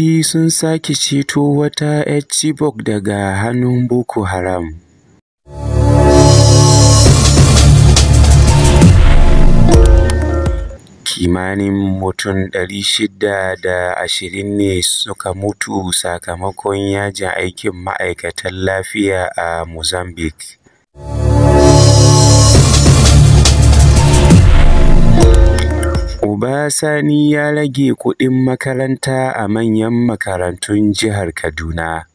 Sojoji sun sake ceto wata 'yar daga hannun Boko Haram Kimanin mutum 620 ne suka mutu sakamakon yajin aikin ma'aikatan lafiya a Mozambique Uba Sani ya rage kuɗin makaranta a manyan makarantun Jihar Kaduna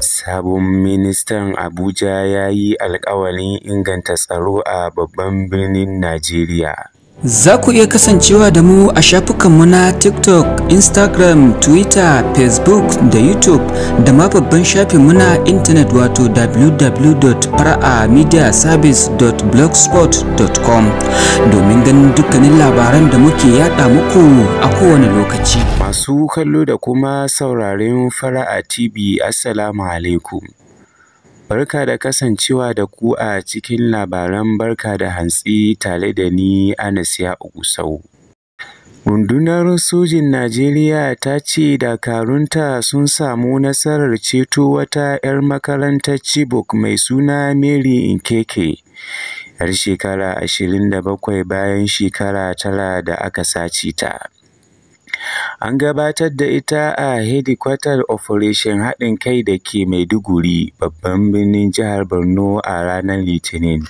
Sabon ministan Abuja ya yi alƙawarin inganta tsaro a babban birnin Najeriya Za ku iya kasancewa da mu a shafukan shafukanmu na TikTok, Instagram, Twitter, Facebook da YouTube da ma babban shafinmu na intanet wato www.fara'amediaservice.blogspot.com domin ganin dukkanin labaran da muke yada muku a kowane lokaci. Masu kallo da kuma sauraren Fara'a TV, Assalamu alaikum. Barka da kasancewa da ku a cikin labaran Barka da Hantsi tare da ni Anas Ya'u Rundunar Sojin Najeriya ta ce dakarunta sun samu nasarar ceto wata 'yar makarantar Chibok mai suna Mary Nkeke, 'yar shekara 27 bayan shekara tara da aka sace ta. An gabatar da ita a hedikwatar Operation Haɗin Kai da ke Maiduguri, babban birnin jihar Borno a ranar Litinin.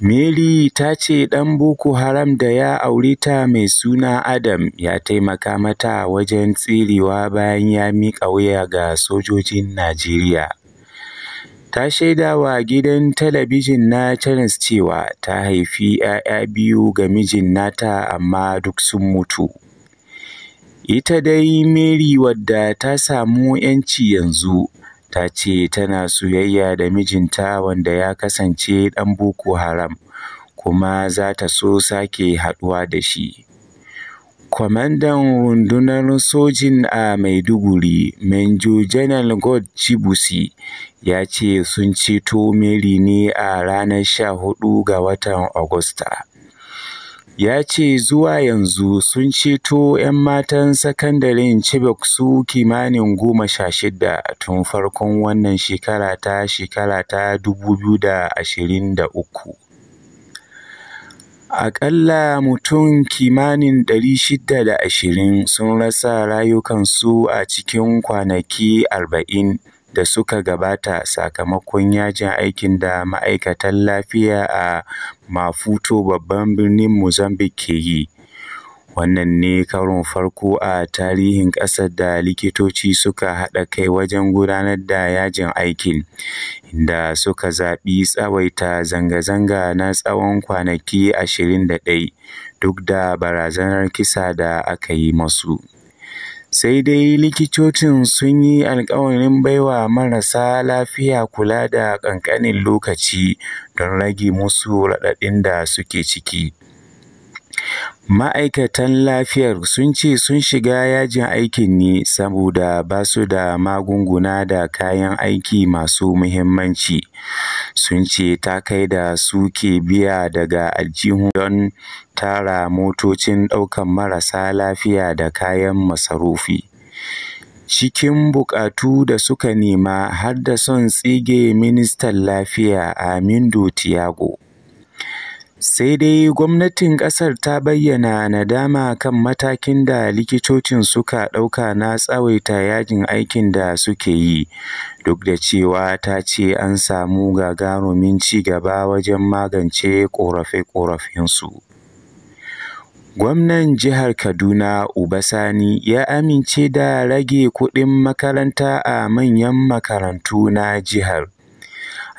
Mary ta ce ɗan Boko Haram da ya aure ta mai suna Adam ya taimaka mata wajen tsirewa bayan ya miƙa wuya ga sojojin Najeriya. Ta shaidawa gidan talabijin na Channels cewa ta haifi ‘ya'ya biyu ga mijin nata amma duk sun mutu. Ita dai Mary, wadda ta samu 'yanci yanzu, ta ce tana soyayya da mijinta wanda ya kasance ɗan Boko Haram kuma za ta so sake haɗuwa da shi. Kwamandan Rundunar Sojin a Maiduguri, Major Janal God Chibuze, ya ce sun ceto Mary ne a ranar 14 ga watan Agusta. ya ce zuwa yanzu sun ceto ‘yan matan sakandaren Chibok su kimanin goma sha shida tun farkon wannan shekara ta shekara ta 2023. Aƙalla mutum kimanin shida da ashirin sun rasa rayukansu a cikin kwanaki arba'in. da suka gabata sakamakon yajin aikin da ma'aikatan lafiya a mafuto babban birnin Mozambique ke yi, wannan ne karon farko a tarihin ƙasar da likitoci suka haɗa kai wajen gudanar da yajin aikin, inda suka zaɓi tsawaita zanga zanga na tsawon kwanaki 21 duk da barazanar kisa da aka yi masu. Sai dai likitocin sun yi alƙawarin baiwa marasa lafiya kula da ƙanƙanin lokaci don rage musu raɗaɗin da suke ciki. Ma'aikatan lafiyar sun ce sun shiga yajin aikin ne saboda ba su da magunguna da kayan aiki masu muhimmanci. sun ce ta kai da suke biya daga aljihu don tara motocin ɗaukan marasa lafiya da kayan masarufi. Cikin buƙatu da suka nema har da son tsige ministan lafiya Armando Tiago. Sai dai gwamnatin ƙasar ta bayyana nadama kan matakin da likitocin suka ɗauka na tsawaita yajin aikin da suke yi, duk da cewa ta ce an samu gagarumin ci gaba wajen magance ƙorafe-ƙorafensu. Gwamnan Jihar Kaduna Uba Sani ya amince da rage kuɗin makaranta a manyan makarantu na jihar.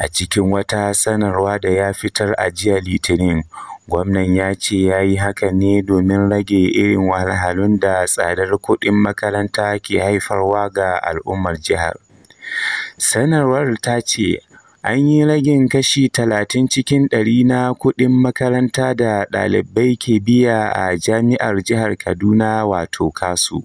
A cikin wata sanarwa da ya fitar a jiya Litinin, gwamnan ya ce ya yi hakan ne domin rage irin wahalhalun da tsadar kuɗin makaranta ke haifarwa ga al'ummar jihar. Sanarwar ta ce an yi ragin kashi talatin cikin ɗari na kuɗin makaranta da ɗalibai ke biya a Jami'ar Jihar Kaduna wato (KASU).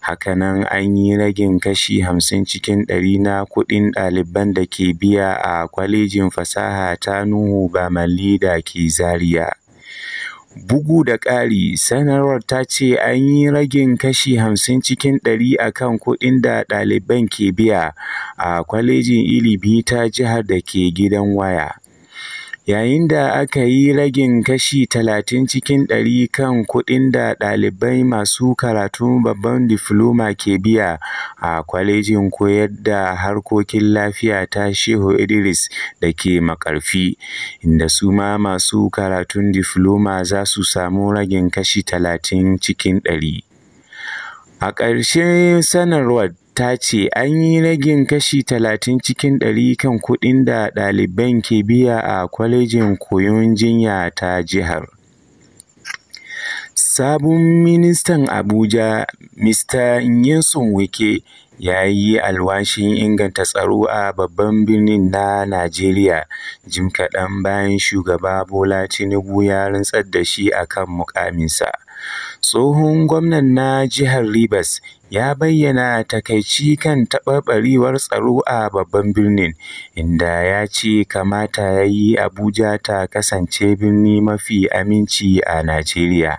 Hakanan an yi ragin kashi hamsin cikin ɗari na kuɗin ɗaliban da ke biya a Kwalejin Fasaha ta Nuhu Bamalli da ke Zariya. Bugu da ƙari, sanarwar ta ce an yi ragin kashi hamsin cikin ɗari a kan kuɗin da ɗaliban ke biya a Kwalejin ilibi ta Jihar da ke Gidan Waya. Yayin da aka yi ragin kashi talatin cikin ɗari kan kuɗin da ɗalibai masu karatun babban difloma ke biya a Kwalejin Koyar da Harkokin Lafiya ta Shehu Idris da ke maƙarfi, inda su ma masu karatun difloma za su samu ragin kashi talatin cikin ɗari. A ƙarshen sanarwar ta ce an yi ragin kashi talatin cikin ɗari kan kuɗin da ɗaliban ke biya a Kwalejin Koyon Jinya ta jihar. Sabon ministan Abuja, Mr. Nyesun Wike, ya yi alwashin inganta tsaro a babban birnin na Najeriya jim kaɗan bayan Shugaba Bola Tinubu ya rantsar da shi a kan mukaminsa Tsohon gwamnan na jihar Rivers ya bayyana takaici kan taɓarɓarewar tsaro a babban birnin, inda ya ce kamata ya yi Abuja ta kasance birni mafi aminci a Najeriya.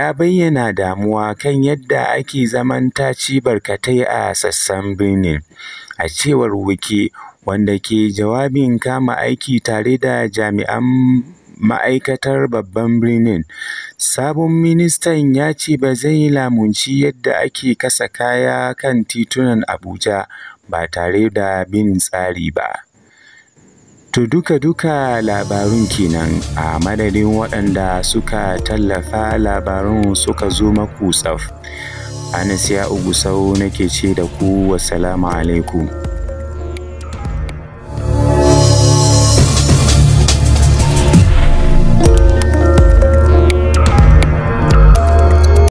Ya bayyana damuwa kan yadda ake zaman ta ci barkatai” a sassan birnin. A cewar Wike, wanda ke jawabin kama aiki tare da jami'an ma'aikatar Babban Birnin, sabon ministan ya ce ba zai lamunci yadda ake kasa kaya kan titunan Abuja ba tare da bin tsari ba. To duka-duka labarun kenan a madadin waɗanda suka tallafa labarun suka zo maku tsaf. Anas Ugusau nake ce da ku wassalamu alaikum.